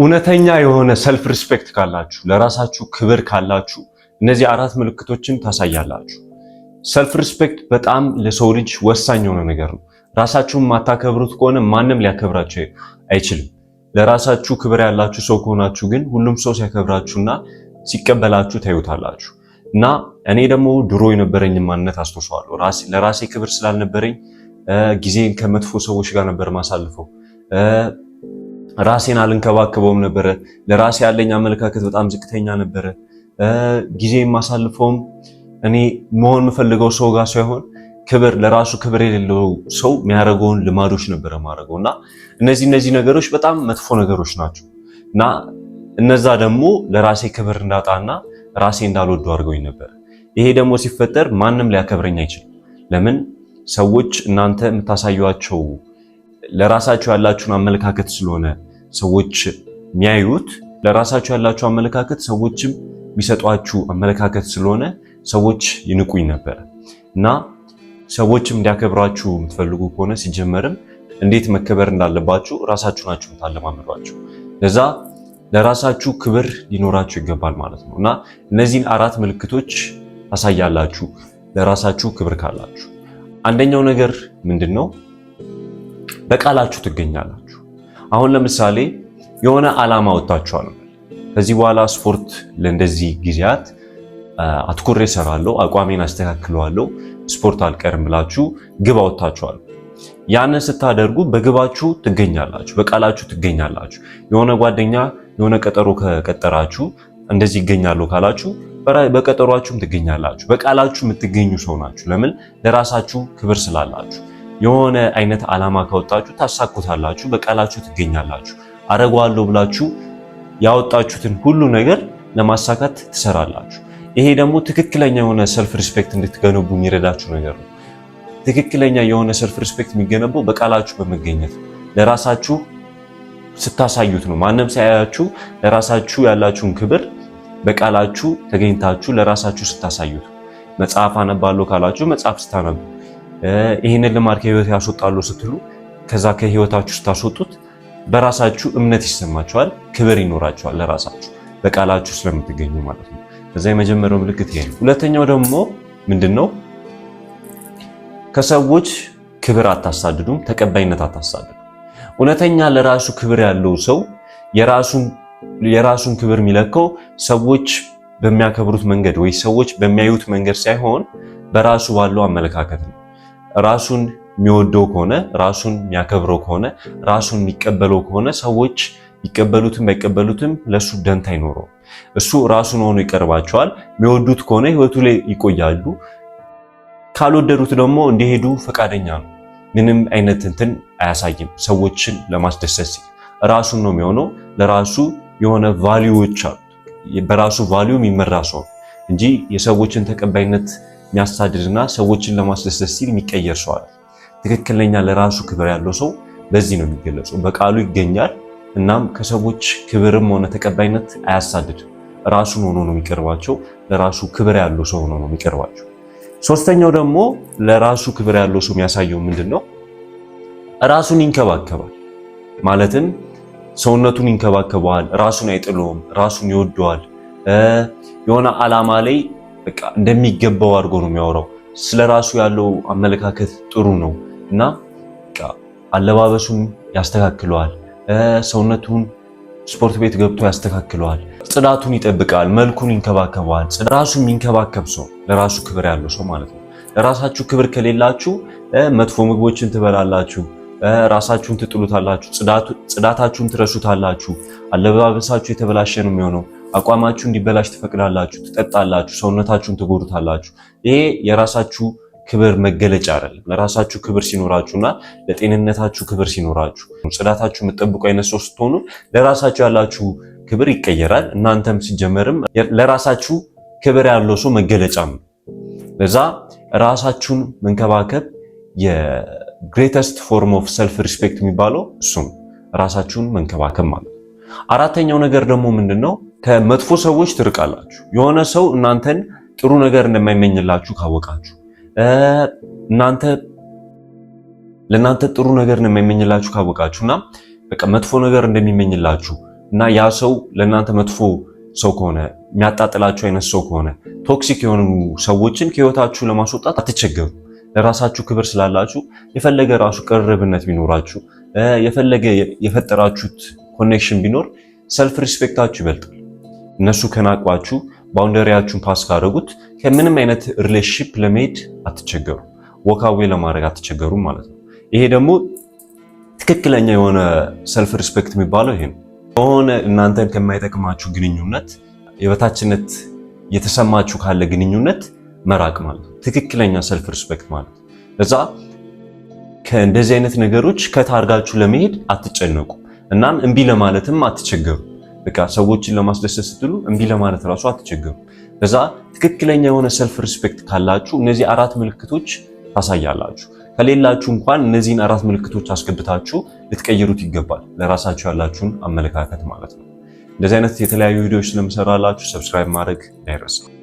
እውነተኛ የሆነ ሰልፍ ሪስፔክት ካላችሁ፣ ለራሳችሁ ክብር ካላችሁ እነዚህ አራት ምልክቶችን ታሳያላችሁ። ሰልፍ ሪስፔክት በጣም ለሰው ልጅ ወሳኝ የሆነ ነገር ነው። ራሳችሁን ማታከብሩት ከሆነ ማንም ሊያከብራችሁ አይችልም። ለራሳችሁ ክብር ያላችሁ ሰው ከሆናችሁ ግን ሁሉም ሰው ሲያከብራችሁና ሲቀበላችሁ ታዩታላችሁ። እና እኔ ደግሞ ድሮ የነበረኝ ማንነት አስተውሰዋለሁ። ለራሴ ክብር ስላልነበረኝ ጊዜን ከመጥፎ ሰዎች ጋር ነበር ማሳልፈው ራሴን አልንከባከበውም ነበረ። ለራሴ ያለኝ አመለካከት በጣም ዝቅተኛ ነበረ። ጊዜ የማሳልፈውም እኔ መሆን የምፈልገው ሰው ጋር ሳይሆን ክብር ለራሱ ክብር የሌለው ሰው የሚያደርገውን ልማዶች ነበረ ማድረገው እና እነዚህ እነዚህ ነገሮች በጣም መጥፎ ነገሮች ናቸው እና እነዛ ደግሞ ለራሴ ክብር እንዳጣና ራሴ እንዳልወዱ አድርገውኝ ነበር። ይሄ ደግሞ ሲፈጠር ማንም ሊያከብረኝ አይችልም። ለምን ሰዎች እናንተ የምታሳዩቸው ለራሳቸው ያላችሁን አመለካከት ስለሆነ ሰዎች የሚያዩት ለራሳችሁ ያላችሁ አመለካከት ሰዎችም የሚሰጧችሁ አመለካከት ስለሆነ ሰዎች ይንቁኝ ነበረ እና ሰዎችም እንዲያከብሯችሁ የምትፈልጉ ከሆነ ሲጀመርም እንዴት መከበር እንዳለባችሁ ራሳችሁ ናችሁ የምታለማምዷቸው። ለዛ ለራሳችሁ ክብር ሊኖራችሁ ይገባል ማለት ነው እና እነዚህን አራት ምልክቶች ታሳያላችሁ ለራሳችሁ ክብር ካላችሁ። አንደኛው ነገር ምንድን ነው? በቃላችሁ ትገኛላችሁ። አሁን ለምሳሌ የሆነ ዓላማ ወጥታችኋል። ከዚህ በኋላ ስፖርት ለእንደዚህ ጊዜያት አትኩሬ እሰራለሁ፣ አቋሜን አስተካክለዋለሁ፣ ስፖርት አልቀርም ብላችሁ ግብ አወጥታችኋል። ያንን ስታደርጉ በግባችሁ ትገኛላችሁ፣ በቃላችሁ ትገኛላችሁ። የሆነ ጓደኛ የሆነ ቀጠሮ ከቀጠራችሁ እንደዚህ ይገኛለሁ ካላችሁ በቀጠሯችሁም ትገኛላችሁ። በቃላችሁ የምትገኙ ሰው ናችሁ። ለምን? ለራሳችሁ ክብር ስላላችሁ የሆነ አይነት ዓላማ ካወጣችሁ ታሳኩታላችሁ፣ በቃላችሁ ትገኛላችሁ። አረጓለሁ ብላችሁ ያወጣችሁትን ሁሉ ነገር ለማሳካት ትሰራላችሁ። ይሄ ደግሞ ትክክለኛ የሆነ ሰልፍ ሪስፔክት እንድትገነቡ የሚረዳችሁ ነገር ነው። ትክክለኛ የሆነ ሰልፍ ሪስፔክት የሚገነባው በቃላችሁ በመገኘት ለራሳችሁ ስታሳዩት ነው። ማንም ሳያያችሁ ለራሳችሁ ያላችሁን ክብር በቃላችሁ ተገኝታችሁ ለራሳችሁ ስታሳዩት። መጽሐፍ አነባለሁ ካላችሁ መጽሐፍ ስታነቡ ይህንን ልማድ ከህይወት ያስወጣሉ ስትሉ ከዛ ከህይወታችሁ ስታስወጡት በራሳችሁ እምነት ይሰማችኋል፣ ክብር ይኖራችኋል ለራሳችሁ በቃላችሁ ስለምትገኙ ማለት ነው። ከዛ የመጀመሪያው ምልክት ይሄ ነው። ሁለተኛው ደግሞ ምንድን ነው? ከሰዎች ክብር አታሳድዱም፣ ተቀባይነት አታሳድዱ። እውነተኛ ለራሱ ክብር ያለው ሰው የራሱን ክብር የሚለካው ሰዎች በሚያከብሩት መንገድ ወይ ሰዎች በሚያዩት መንገድ ሳይሆን በራሱ ባለው አመለካከት ነው። ራሱን የሚወደው ከሆነ ራሱን የሚያከብረው ከሆነ ራሱን የሚቀበለው ከሆነ ሰዎች ይቀበሉትም ባይቀበሉትም ለሱ ደንታ አይኖረውም። እሱ ራሱን ሆኖ ይቀርባቸዋል። የሚወዱት ከሆነ ህይወቱ ላይ ይቆያሉ። ካልወደዱት ደግሞ እንዲሄዱ ፈቃደኛ ነው። ምንም አይነት እንትን አያሳይም። ሰዎችን ለማስደሰት ሲል ራሱን ነው የሚሆነው። ለራሱ የሆነ ቫሊዩዎች አሉ። በራሱ ቫሊዩ የሚመራ ሰው እንጂ የሰዎችን ተቀባይነት የሚያሳድድና ሰዎችን ለማስደሰት ሲል የሚቀየር ሰው አለ። ትክክለኛ ለራሱ ክብር ያለው ሰው በዚህ ነው የሚገለጸው፣ በቃሉ ይገኛል። እናም ከሰዎች ክብርም ሆነ ተቀባይነት አያሳድድም። ራሱን ሆኖ ነው የሚቀርባቸው። ለራሱ ክብር ያለው ሰው ሆኖ ነው የሚቀርባቸው። ሶስተኛው ደግሞ ለራሱ ክብር ያለው ሰው የሚያሳየው ምንድን ነው? ራሱን ይንከባከባል። ማለትም ሰውነቱን ይንከባከበዋል፣ ራሱን አይጥለውም፣ ራሱን ይወደዋል። የሆነ ዓላማ ላይ በቃ እንደሚገባው አድርጎ ነው የሚያወራው። ስለ ራሱ ያለው አመለካከት ጥሩ ነው እና በቃ አለባበሱን ያስተካክለዋል፣ ሰውነቱን ስፖርት ቤት ገብቶ ያስተካክለዋል፣ ጽዳቱን ይጠብቃል፣ መልኩን ይንከባከበዋል። ራሱ የሚንከባከብ ሰው ለራሱ ክብር ያለው ሰው ማለት ነው። ለራሳችሁ ክብር ከሌላችሁ መጥፎ ምግቦችን ትበላላችሁ፣ ራሳችሁን ትጥሉታላችሁ፣ ጽዳታችሁን ትረሱታላችሁ፣ አለባበሳችሁ የተበላሸ ነው የሚሆነው። አቋማችሁ እንዲበላሽ ትፈቅዳላችሁ፣ ትጠጣላችሁ፣ ሰውነታችሁን ትጎዱታላችሁ። ይሄ የራሳችሁ ክብር መገለጫ አይደለም። ለራሳችሁ ክብር ሲኖራችሁና ለጤንነታችሁ ክብር ሲኖራችሁ ጽዳታችሁ የምጠብቁ አይነት ሰው ስትሆኑ ለራሳችሁ ያላችሁ ክብር ይቀየራል። እናንተም ሲጀመርም ለራሳችሁ ክብር ያለው ሰው መገለጫም ነው። ለዛ ራሳችሁን መንከባከብ የግሬተስት ፎርም ኦፍ ሰልፍ ሪስፔክት የሚባለው እሱም ራሳችሁን መንከባከብ ማለት ነው። አራተኛው ነገር ደግሞ ምንድን ነው? ከመጥፎ ሰዎች ትርቃላችሁ። የሆነ ሰው እናንተን ጥሩ ነገር እንደማይመኝላችሁ ካወቃችሁ፣ እናንተ ለእናንተ ጥሩ ነገር እንደማይመኝላችሁ ካወቃችሁ እና በቃ መጥፎ ነገር እንደሚመኝላችሁ እና ያ ሰው ለእናንተ መጥፎ ሰው ከሆነ የሚያጣጥላችሁ አይነት ሰው ከሆነ ቶክሲክ የሆኑ ሰዎችን ከህይወታችሁ ለማስወጣት አትቸገሩ። ለራሳችሁ ክብር ስላላችሁ የፈለገ ራሱ ቅርብነት ቢኖራችሁ የፈለገ የፈጠራችሁት ኮኔክሽን ቢኖር ሰልፍ ሪስፔክታችሁ ይበልጣል። እነሱ ከናቋችሁ ባውንደሪያችሁን ፓስ ካደረጉት ከምንም አይነት ሪሌሽንሽፕ ለመሄድ አትቸገሩ፣ ወካዌ ለማድረግ አትቸገሩ ማለት ነው። ይሄ ደግሞ ትክክለኛ የሆነ ሰልፍ ሪስፔክት የሚባለው ይሄ ነው። የሆነ እናንተን ከማይጠቅማችሁ ግንኙነት፣ የበታችነት የተሰማችሁ ካለ ግንኙነት መራቅ ማለት ነው። ትክክለኛ ሰልፍ ሪስፔክት ማለት እዛ ከእንደዚህ አይነት ነገሮች ከታርጋችሁ ለመሄድ አትጨነቁ። እናም እምቢ ለማለትም አትቸገሩ። በቃ ሰዎችን ለማስደሰት ስትሉ እምቢ ለማለት ራሱ አትቸገሩ። ከዛ ትክክለኛ የሆነ ሰልፍ ሪስፔክት ካላችሁ እነዚህ አራት ምልክቶች ታሳያላችሁ። ከሌላችሁ እንኳን እነዚህን አራት ምልክቶች አስገብታችሁ ልትቀይሩት ይገባል። ለራሳችሁ ያላችሁን አመለካከት ማለት ነው። እንደዚህ አይነት የተለያዩ ቪዲዮዎች ስለምሰራላችሁ ሰብስክራይብ ማድረግ አይረሳ።